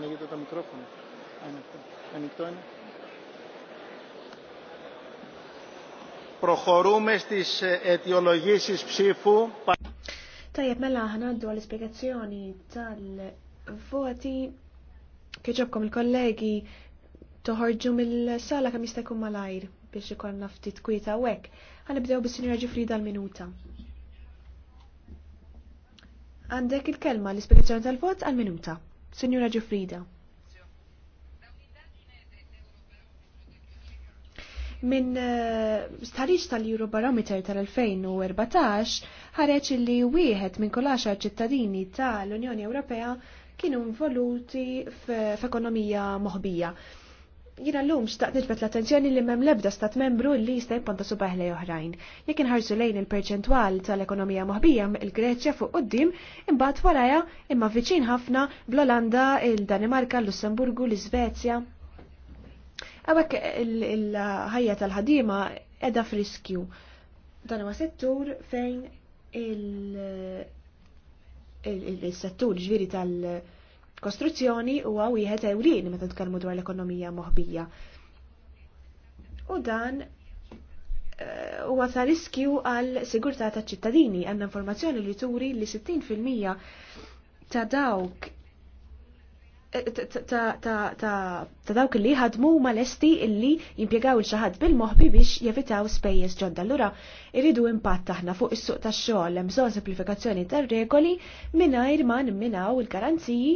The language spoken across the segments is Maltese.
ανοίγετε το μικρόφωνο. Ανοιχτό. Ανοιχτό είναι. Προχωρούμε στις αιτιολογήσεις ψήφου. Tajjeb, mela ħanaddu għal-ispiegazzjoni tal-voti kieġobkom il-kollegi toħorġu mill-sala kemm jista' jkun malajr biex ikollna ftit kwieta hekk. Ħanibdew bis-sinjora Ġifrida l-minuta. Għandek il-kelma l-ispiegazzjoni tal-vot għal-minuta. Signora Ġifrida. uh, eh, stariċ tal-Eurobarometer tal-2014 ħareċ li wieħed minn kolaxar ċittadini tal-Unjoni Ewropea kienu involuti f'ekonomija moħbija. Jina l-lum xtaqt nġbet l-attenzjoni li mem lebda stat membru li jista' jponta subaħle oħrajn. Jekk inħarsu lejn il-perċentwal tal-ekonomija moħbija il-Greċja fuq qoddim, imbagħad waraja imma viċin ħafna bl-Olanda, il-Danimarka, l-Lussemburgu, l-Iżvezja. Għawek il-ħajja tal-ħadima edha friskju. Dan huwa settur fejn il-settur ġviri tal- kostruzzjoni huwa wieħed ewlien meta tkellmu dwar l-ekonomija moħbija. U dan eh, huwa ta' riskju għal sigurtà taċ-ċittadini għandna informazzjoni li turi li 60% ta' dawk eh, ta' dawk li ħadmu ma lesti illi jimpiegaw il-xaħat bil-moħbi biex jevitaw spejjeż ġodda. Allura iridu impatt aħna fuq is-suq tax-xogħol hemm bżonn simplifikazzjoni tar-regoli mingħajr ma nimminaw il-garanziji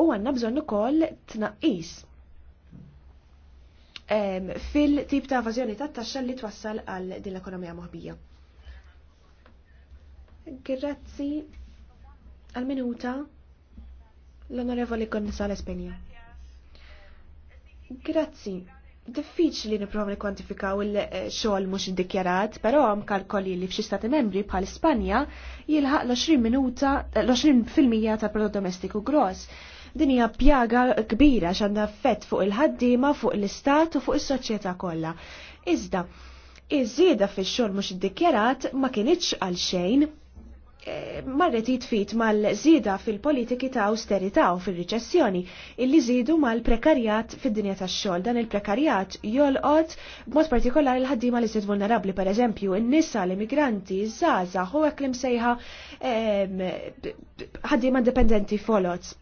u għanna bżonn ukoll tnaqqis fil-tip ta' evażjoni ta' taxxa li twassal għal din l-ekonomija moħbija. Grazzi għal minuta l-Onorevoli Gonzales Penja. Grazzi. Diffiċli niprofa kwantifikaw il-xogħol mhux iddikjarat, però hemm kalkoli li f'xi stati membri bħal Spanja jilħaq l-20 minuta l-20% tal-prodott domestiku gross. Din hija pjaga kbira għandha fett fuq il-ħaddiema, fuq l-istat u fuq is-soċjetà kollha. Iżda, iż-żieda fix-xogħol mhux iddikjarat ma kienitx għal xejn e, marret jitfit mal-żieda fil-politiki ta' austerità u fil-riċessjoni illi żidu mal-prekarjat fid-dinja tax-xogħol. Dan il-prekarjat jolqot b'mod partikolari l-ħaddiema li sit vulnerabbli, pereżempju in-nisa, l-immigranti, iż-żgħażagħ u hekk li msejħa ħaddiema dipendenti folots.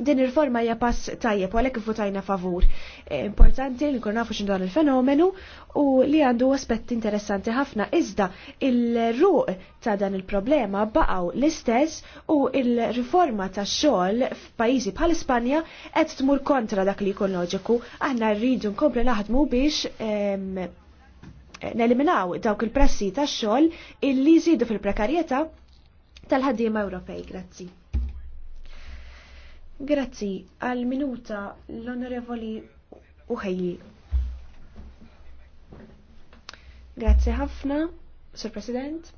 Din il riforma hija pass tajjeb u għalhekk votajna favur. Eh, importanti li nkun nafu x'indan il-fenomenu u li għandu aspetti interessanti ħafna iżda il-ruq ta' dan il-problema baqgħu l-istess u il-riforma tax-xogħol f'pajjiżi bħal Ispanja qed tmur kontra dak li jkun loġiku. Aħna rridu nkomplu naħdmu biex neliminaw dawk il pressi tax xogħol illi jżidu fil-prekarjetà tal-ħaddiema Ewropej. Grazzi. Grazzi għal minuta l-Onorevoli Uħejji. Grazzi ħafna, Sir President.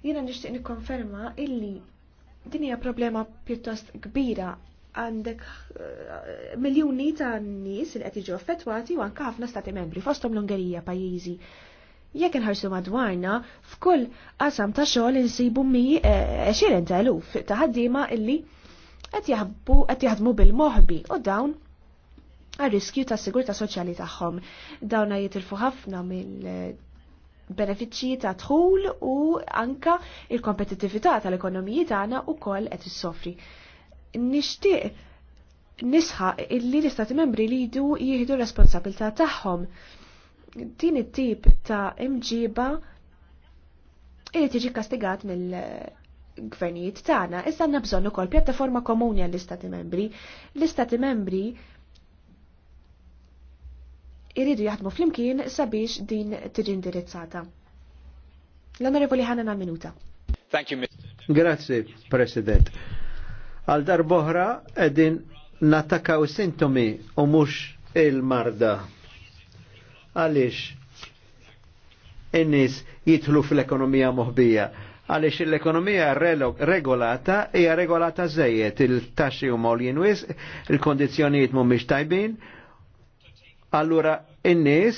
Jiena nixtieq nikkonferma illi din hija problema pjuttost kbira għandek eh, miljoni ta' nis li qed jiġu u anke ħafna stati membri fosthom l-Ungerija pajjiżi Jekk inħarsu madwarna, f'kull qasam ta' xogħol insibu mi 20,000 eh, ta' ħaddiema illi qed jaħbu qed jaħdmu bil-moħbi u dawn għar-riskju ta' sigurta soċjali tagħhom. Dawna jitilfu ħafna mill benefiċċji ta' tħul u anka il-kompetitività tal-ekonomiji tagħna wkoll qed issofri. Nixtieq nisħaq illi l-istati membri li jdu jieħdu responsabilità tagħhom din it-tip ta' imġiba li tiġi kastigat mill gvernijiet tagħna. Issa għandna bżonn ukoll pjattaforma komuni għall-Istati Membri. L-Istati Membri iridu jaħdmu flimkien sabiex din tiġi indirizzata. L-Onorevoli ħanna minuta. Thank you, Mr. Grazie, President. Għal darboħra edin natakaw sintomi u mux il-marda għaliex in-nies jidħlu fl-ekonomija moħbija għaliex l-ekonomija regolata hija regolata żejjed il-taxxi huma mol jinwis, il-kondizzjonijiet mhumiex tajbin, allura in-nies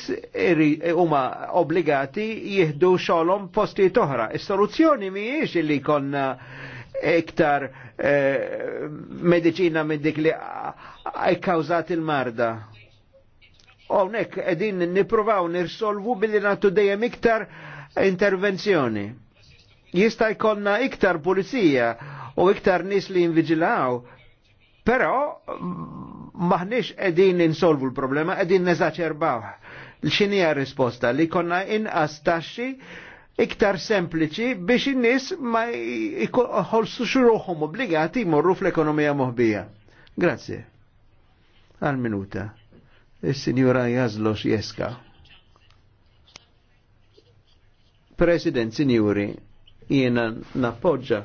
huma obbligati jieħdu xogħolhom postijiet oħra. Is-soluzzjoni mhijiex li jkollna iktar eh, medicina minn dik li kawzat il-marda. Għonek edin nippruvaw nirsolvu billi natu dejjem iktar intervenzjoni. Jista' jkollna iktar pulizija u iktar nis li jinviġilaw, però maħniex qegħdin insolvu l-problema, qegħdin neżaċerbaw. X'inhija risposta li konna inqas taxxi iktar sempliċi biex in-nies ma jħolsu xuruħom obbligati jmorru fl-ekonomija moħbija. Grazie. Għal minuta il-Sinjura Jazlo Jeska. President, Sinjuri, jiena nappoġġa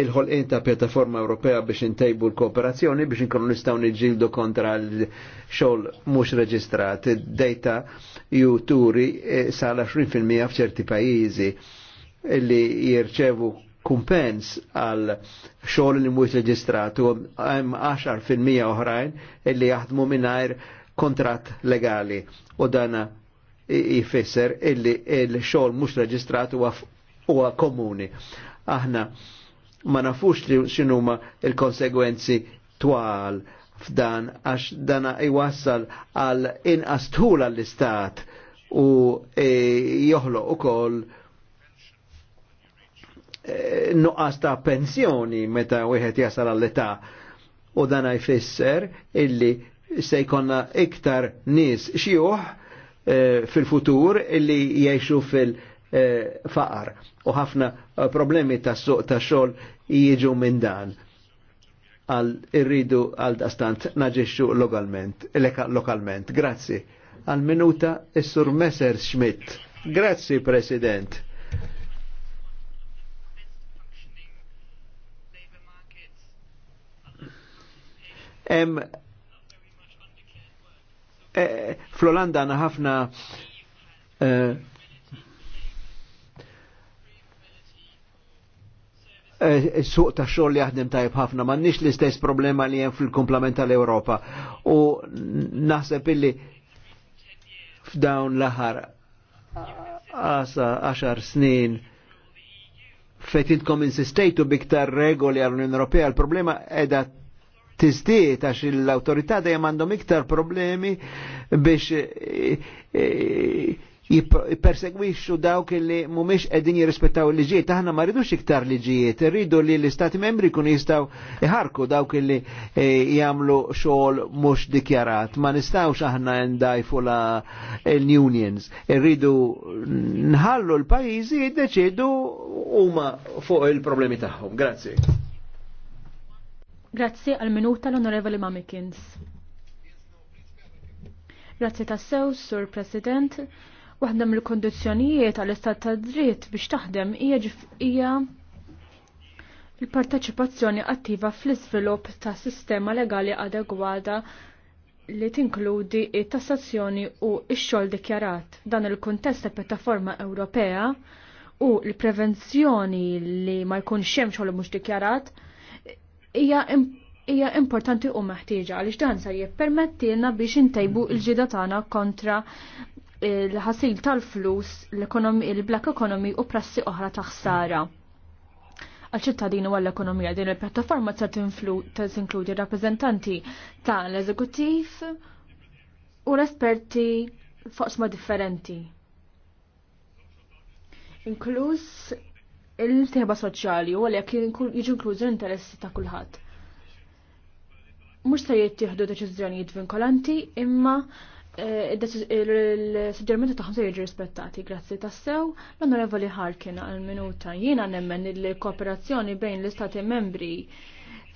il-ħolqin ta' Pjataforma Ewropea biex intejbu l-kooperazzjoni biex inkunu nistgħu niġġieldu kontra l-xogħol mhux reġistrat. Data juturi e, sal 20% f'ċerti pajjiżi li jirċevu kumpens għal xogħol li mhux reġistrat u hemm 10% oħrajn li jaħdmu mingħajr kontrat legali u dana jifisser illi il-xol mux reġistrat huwa komuni. Aħna ma nafux li xinuma il-konsegwenzi twal f'dan għax dana iwassal għal inqas l-istat u joħlo e, joħloq ukoll nuqasta e, nuqqas ta' pensjoni meta wieħed jasal għall-età u dana jfisser illi se jkonna iktar nis xjuħ eh, fil-futur illi jiexu fil-faqar u ħafna eh, problemi ta' suq ta' xol jieġu minn dan għal irridu għal dastant naġiexu lokalment, lokalment. Grazzi. Għal minuta is-sur Messer Schmidt. Grazzi, President. Em Eh, Fl-Olanda għana ħafna eh, eh, suq ta' xoll li jaħdem tajb ħafna, nix l-istess problema li hemm fil-komplement tal europa U naħseb illi f'dawn l għasa 10 snin fejtintkom insistejtu biktar regoli għal unjoni Ewropea, l-problema edha tizdiet għax l-autorità dejjem għandhom iktar problemi biex eh, eh, jipersegwixxu dawk li mhumiex qegħdin jirrispettaw il-liġijiet. Aħna ma rridux iktar liġijiet, irridu li l-Istati membri kun jistgħu iħarku dawk li eh, jagħmlu xogħol mhux dikjarat. Ma nistgħux aħna ndajfu la l-unions. Irridu nħallu l-pajjiżi jiddeċidu huma fuq il-problemi tagħhom. Grazzi. Grazzi għal minuta l-Onorevoli Mamikins. Grazzi tassew, Sur President. Waħda mill-kondizjonijiet għal istat ta' dritt biex taħdem hija il-parteċipazzjoni attiva fl-iżvilupp ta' sistema legali adegwata li tinkludi it-tassazzjoni u x-xogħol dikjarat. Dan il-kuntest ta' pjattaforma Ewropea u l-prevenzjoni li ma jkunx hemm xogħol mhux dikjarat hija importanti u meħtieġa għaliex dan se jippermettilna biex intejbu l-ġida tagħna kontra l-ħasil tal-flus, l-black economy u prassi oħra ta' ħsara. għal u għall ekonomija din il-pjattaforma se tinkludi rappreżentanti tal-eżekuttiv u l-esperti fuq differenti inkluż il-teħba soċjali u għalhekk jiġu inklużi l-interessi ta' kulħadd. Mhux se jittieħdu deċiżjonijiet vinkolanti, imma eh, il-suġġerimenti tagħhom se jiġu rispettati. Grazzi tassew, l-Onorevoli Harkin għal-minuta jiena nemmen il-kooperazzjoni bejn l-Istati membri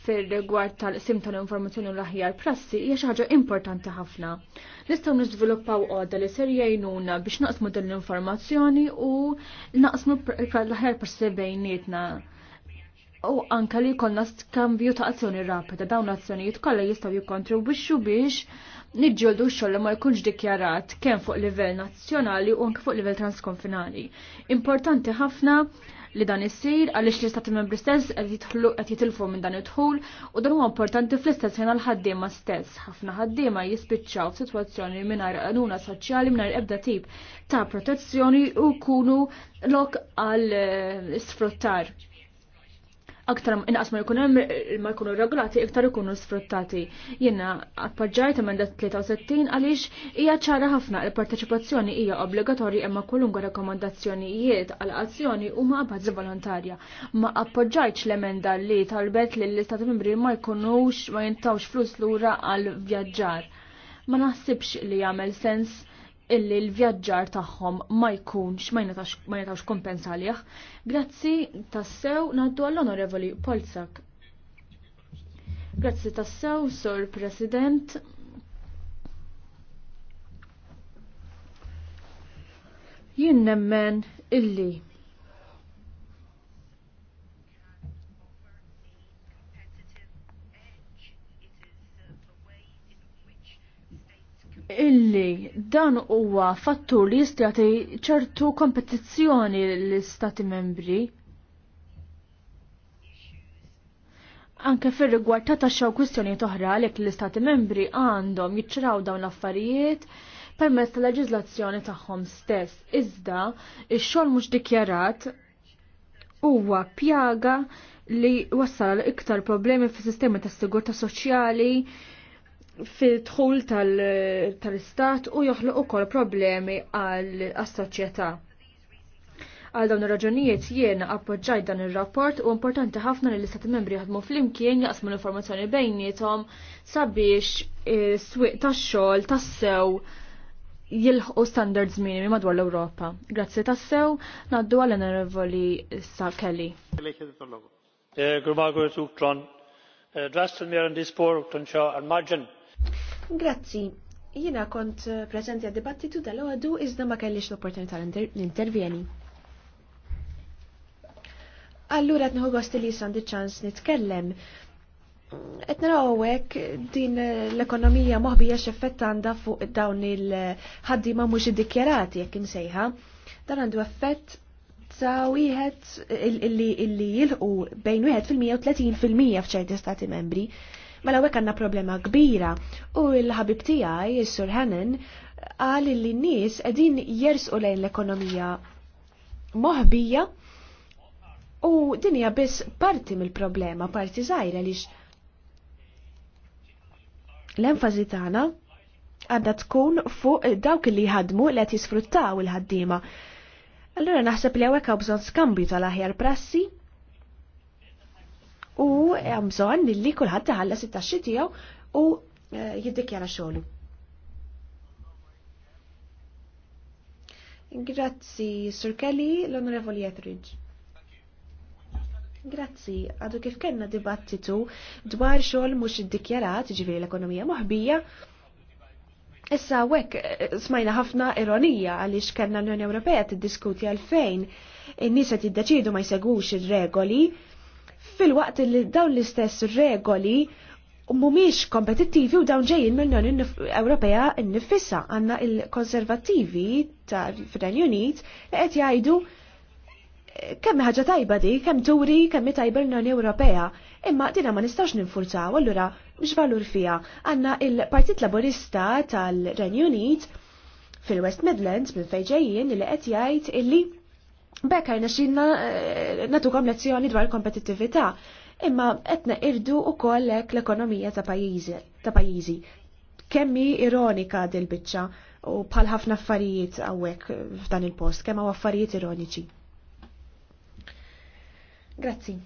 fil-rigward tal-sim tal-informazzjoni u l-aħjar prassi hija xi ħaġa importanti ħafna. Nistgħu niżviluppaw għodda li ser jgħinuna biex naqsmu din l-informazzjoni u naqsmu l-aħjar prassi bejnietna. U anka li jkollna skambju ta' azzjoni rapida dawn l-azzjonijiet kollha jistgħu jikkontribwixxu biex niġġieldu x-xogħol ma jkunx dikjarat kemm fuq livell nazzjonali u anke fuq livell transkonfinali. Importanti ħafna li dan issir għaliex l-istati membri stess qed jitilfu minn dan id-dħul u dan huwa importanti fl-istess ħin għall-ħaddiema stess. Ħafna ħaddiema jispiċċaw f'sitwazzjoni mingħajr qanuna soċjali mingħajr ebda tip ta' protezzjoni u kunu lok għal eh, sfruttar aktar inqas ma jkun hemm ma jkunu regolati iktar ikunu sfruttati. Jiena appoġġajt emenda 63 għaliex hija ċara ħafna il parteċipazzjoni hija obbligatorji imma kulunga rakkomandazzjonijiet għal azzjoni huma bażi volontarja. Ma appoġġajtx l-emenda li talbet li l-istati membri ma jkunux ma jintawx flus lura għal vjaġġar. Ma naħsibx li jagħmel sens illi l-vjaġġar tagħhom ma jkunx ma jnetax kompensa għalih. Grazzi tassew naddu għall-Onorevoli Polzak. Grazzi tassew, Sur President. Jien nemmen illi illi dan huwa fattur li jagħti ċertu kompetizzjoni l-istati membri. Anke fir rigward ta' taxxa kwistjoni toħra li l-istati membri għandhom jiċċraw dawn l-affarijiet permezz tal-leġiżlazzjoni tagħhom stess. Iżda ix-xogħol mhux dikjarat huwa pjaga li wassal iktar problemi fis-sistema tas-sigurta soċjali fil-dħul tal-istat u joħloq ukoll problemi għal-soċjetà. Għal dawn ir-raġunijiet jiena appoġġajt dan ir-rapport u importanti ħafna li l-istati membri jaħdmu flimkien jaqsmu l-informazzjoni bejnietom sabiex eh, s-swieq tax-xogħol tassew jilħqu standards minimi madwar l-Ewropa. Grazzi tassew, naddu għal onorevoli Sa Kelly. Eh, Grumagru Sukron, naddu eh, għal dispor tunċa għal Grazzi. Jina kont eh, prezenti għad dibattitu tal-għadu iżda ma kellix l-opportunità l-intervjeni. Allura qed nħu gosti li sandi ċans nitkellem. Qed narawek din l-ekonomija moħbija effett għandha fuq dawn il ma mhux iddikjarati jekk imsejħa. Dan għandu effett ta' wieħed illi jilħu bejn wieħed fil-mija u 30 fil-mija f'ċerti stati membri. Mela wek għandna problema kbira u l-ħabib tiegħi, s sur Hannon, qal li n-nies qegħdin u lejn l-ekonomija moħbija u din hija biss parti mill-problema, parti żgħira lix l enfazi tagħna għadda tkun fuq dawk li jħadmu li qed jisfruttaw il-ħaddiema. Allura naħseb li hawnhekk hawn bżonn skambju tal-aħjar prassi u hemm bżonn li kulħadd iħallas it-taxxi tiegħu u eh, jiddikjara xogħlu. Grazzi, Sur Kelly, l-Onorevoli Etheridge. Grazzi, għadu kif kena dibattitu dwar xogħol mhux iddikjarat, ġifieri l-ekonomija moħbija, Issa wek eh, smajna ħafna ironija għaliex kellna l-Unjoni Ewropea tiddiskuti għalfejn in-nies qed jiddeċidu ma jsegwux ir-regoli fil-waqt li dawn l-istess regoli mumiex kompetittivi u dawn ġejjin mill-Unjoni Ewropea nnifissa għandna il-konservattivi fir-Renju Unit qed jgħidu kemm ħaġa tajba di, kemm turi, kemm tajba l-Unjoni Ewropea, imma dina ma nistax ninfurtaw allura x'valur fija. Għanna il-Partit Laburista tal-Renju Unit fil-West Midlands minn fejn ġejjin li qed jgħid illi Bekk għajna xinna eh, natukom lezzjoni dwar kompetitivita, imma etna irdu u kollek l-ekonomija ta' pajizi. Kemmi ironika del bicċa u bħal ħafna affarijiet għawek f'dan il-post, kemm għaw affarijiet ironiċi. Grazzi.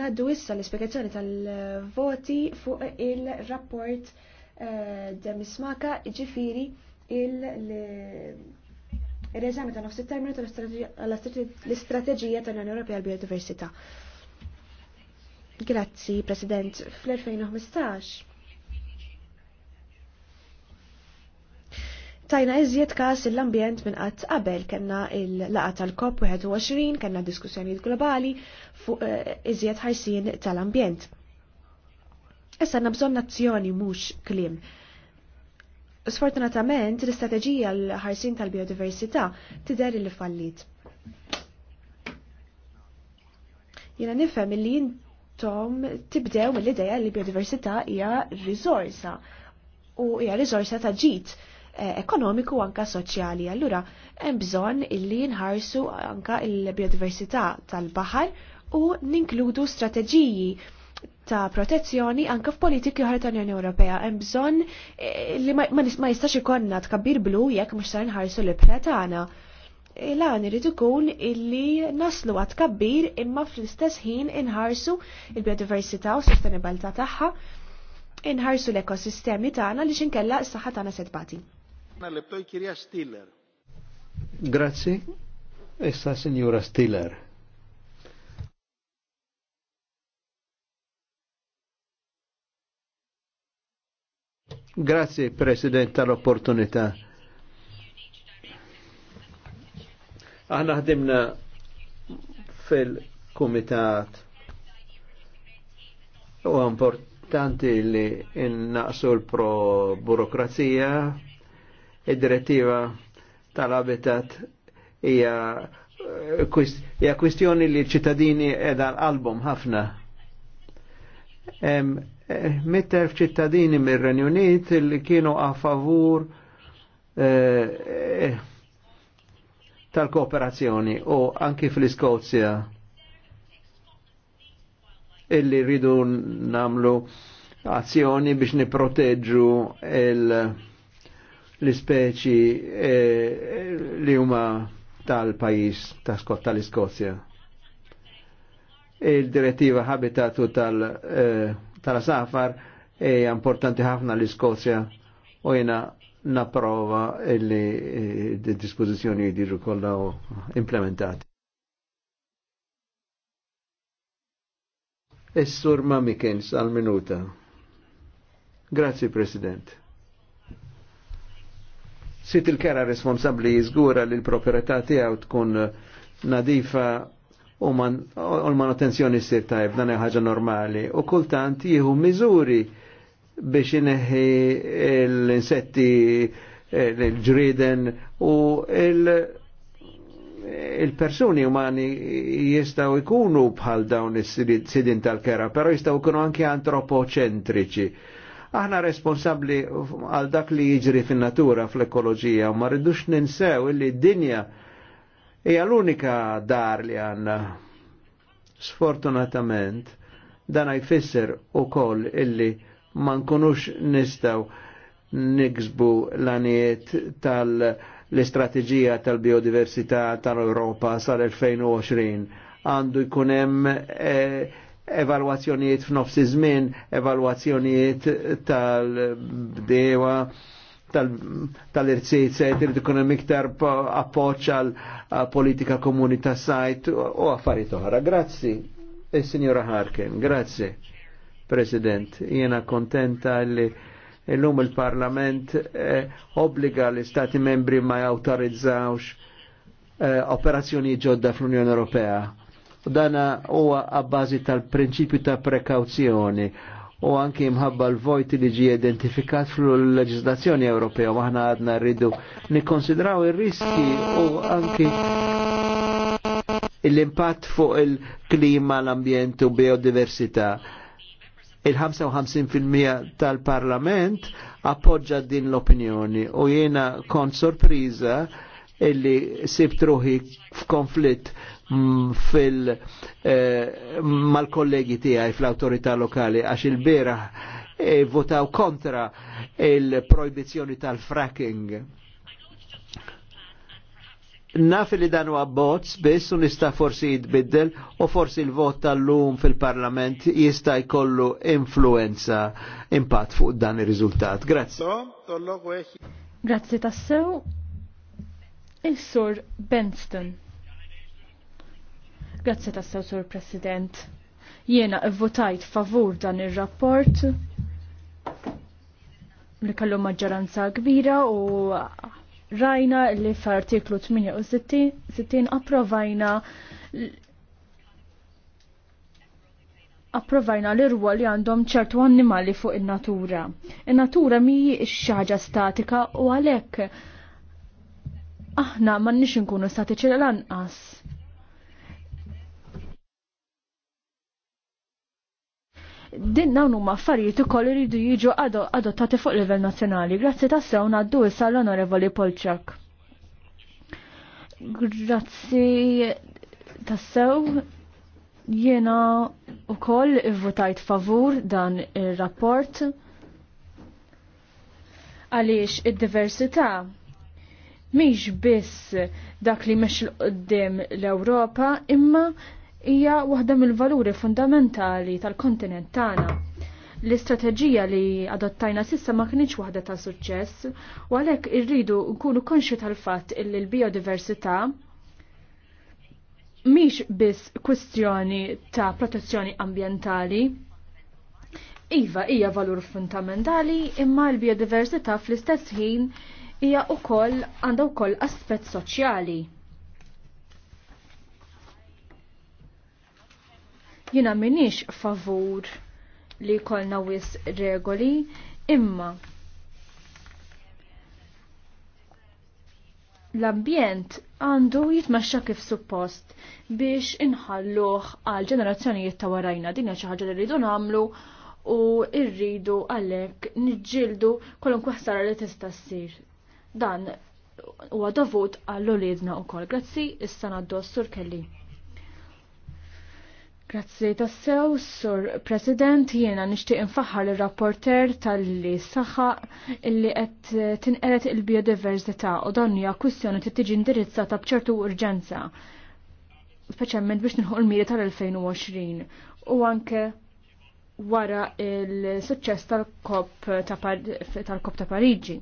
Naddu issa l-ispiegazzjoni tal-voti fuq il-rapport uh, eh, Demismaka ġifiri il- ir-reżami ta' nofs terminu tal-istrateġija tal-Unjoni Ewropea għall-Biodiversità. Grazzi, President, fl-2015 tajna iżjed kas l-ambjent minn qatt qabel kena il-laqa tal-COP 21 kena diskussjonijiet globali fuq eh, iżjed ħajsin tal-ambjent. Issa nabżon nazzjoni mhux klim. Sfortunatament, l-istrateġija l-ħarsin tal-biodiversità tidher il fallit. Jena nifhem li jintom tibdew mill-ideja li biodiversità hija risorsa u hija risorsa ta' ġid eh, ekonomiku anka soċjali. Allura hemm bżonn illi nħarsu anka il-biodiversità tal-baħar u ninkludu strateġiji ta' protezzjoni anka f'politiki oħra tal-Unjoni Ewropea hemm bżonn eh, li ma jistax ikonna tkabbir blu jekk mhux sar nħarsu li tagħna. E, Lan irid ikun illi naslu għat kabbir imma fl-istess ħin inħarsu il-biodiversità u sostenibilità tagħha, inħarsu l-ekosistemi tagħna li xinkella s-saħħa tagħna setbati. Grazzi. Issa Signora Stiller. Grazie President tal-opportunità. Aħna ħdimna fil-Kumitat u importanti li innaqsu l-pro-burokrazija id-direttiva tal-habitat hija eh, hija kwistjoni li ċittadini edha l-album ħafna mitter ċittadini mir-Renju Unit li kienu a favur eh, eh, tal-kooperazzjoni u anki fl-Iskozja illi ridu namlu azzjoni biex niproteġġu l-ispeċi eh, li huma tal-pajis ta' skott tal-Iskozja. Il-direttiva habitatu tal-, -Iskozja. tal eh, tal-safar hija e importanti ħafna l-Iskozja u jena naprova illi e, d-dispozizjoni jidiru kollha implementati. Essur Mamikens għal-minuta. Grazie, President. Sit il-kera responsabli jizgura li l-proprietà tiegħu tkun nadifa u l-manutenzjoni sir tajb dan ħaġa normali u kultant jieħu miżuri biex ineħi l-insetti l ġriden u il-persuni umani jistaw ikunu bħal dawn is-sidin tal-kera, pero jistaw ikunu anke antropoċentriċi. Aħna responsabli għal dak li jiġri fin-natura, fl-ekoloġija, u ma rridux ninsew illi dinja dinja Eja l-unika dar li għanna. Sfortunatament, dan jfisser u koll illi ma nkunux nistaw niksbu l-aniet tal istrategija tal-biodiversità tal-Europa sal-2020 għandu jkunem e, evalwazzjonijiet f'nofsi żmien, evalwazzjonijiet tal-bdewa, tal-irċiet se jtirid ikun hemm iktar appoġġ għal politika komuni ta' sajt u affarijiet oħra. Grazzi, is-Sinjora e, Harken, grazzi, President. Jiena kontenta li illum il-Parlament e, obbliga l stati membri ma jautorizzawx e, operazzjoni ġodda fl-Unjoni Ewropea. Dana huwa għabbażi tal-prinċipju ta' prekawzjoni u anki mħabba l-vojt li ġi identifikat fl-leġislazzjoni Ewropea maħna għadna rridu nikkonsidraw ir-riski u anki l-impatt fuq il-klima, l-ambjent u biodiversità. Il-55% tal-parlament appoġġa din l-opinjoni u jiena kont sorpriza illi sibt f'konflitt Mm, fil eh, mal-kollegi tiegħi fl-awtorità lokali għax il-bera e votaw kontra il-proibizjoni tal-fracking. Naf li dan huwa bots biss u nista' forsi jitbiddel u forsi l-vot tal-lum fil-Parlament jista' jkollu influenza impatt fuq dan ir-riżultat. Grazzi. Grazzi tassew. Is-sur Benston. Grazzi tassew, Sur President. Jiena votajt favur dan ir-rapport li kellu maġġoranza kbira u rajna li f'artiklu 68 approvajna approvajna l-irwa li għandhom ċertu annimali fuq in-natura. In-natura mi xaġa statika u għalek aħna ma nix nkunu statiċi l-anqas. din nawnu huma affarijiet ukoll iridu jiġu adottati fuq livell nazzjonali. Grazzi tassew ngħaddu issa l-Onorevoli Polċak. Grazzi tassew jiena wkoll ivvutajt favur dan ir-rapport għaliex id-diversità mhix biss dak li mex l-qoddim l-Ewropa imma hija waħda mill-valuri fundamentali tal-kontinent tagħna. L-istrateġija li adottajna sissa ma kienx waħda ta' suċċess u għalhekk irridu nkunu konxi tal-fatt li l-biodiversità mhix biss kwistjoni ta' protezzjoni ambjentali, Iva hija valur fundamentali imma l-biodiversità fl-istess ħin hija wkoll għandha wkoll aspett soċjali. Jina minix favur li kolna wis regoli, imma l-ambjent għandu jitmaxxa kif suppost biex inħalluh għal ġenerazzjonijiet ta' warajna din xi ħaġa li rridu nagħmlu u rridu għalhekk niġġieldu kwalunkwe ħsara li tista' ssir. Dan huwa dovut għall-olidna wkoll. Grazzi, issa ngħaddu s-sur Kelly. Grazzi tassew, sur President, jiena nixtieq infaħħar ir-rapporter tal-li saħħa illi qed tinqeret il-biodiversità u dan hija kwistjoni trid tiġi indirizzata b'ċertu urġenza. Speċjalment biex nħu l-miri tal-2020 u anke wara il-suċċess tal-kop ta' Pariġi.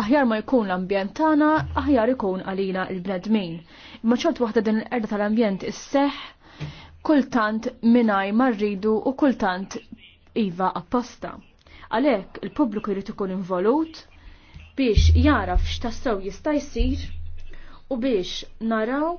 aħjar ma jkun l-ambjent tagħna, aħjar ikun għalina l-bnedmin. Imma ċort waħda din l-erda tal-ambjent is-seħ, kultant minaj marridu u kultant iva apposta. Għalhekk il-pubbliku jrid ikun involut biex jaraf x'tassew jista' jsir u biex naraw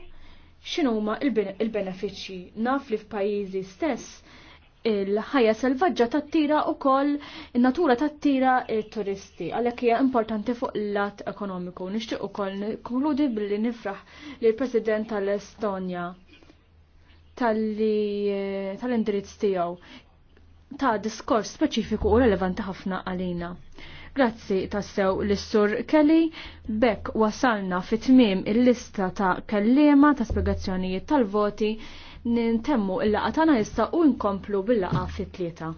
x'inhuma il-benefiċċji naf li f'pajjiżi stess il-ħajja selvaġġa tat-tira u koll natura tat-tira turisti għalhekk hija importanti fuq il-lat ekonomiku. Nixtieq ukoll nikkonkludi billi nifraħ li l-President tal-Estonja eh, tal-indirizz tiegħu ta' diskors speċifiku u relevanti ħafna għalina. Grazzi tassew l-Sur Kelly, bekk wasalna fit tmiem il-lista ta' kellima ta' spiegazzjonijiet tal-voti nintemmu il-laqa tagħna issa u nkomplu bil-laqa fit-tlieta.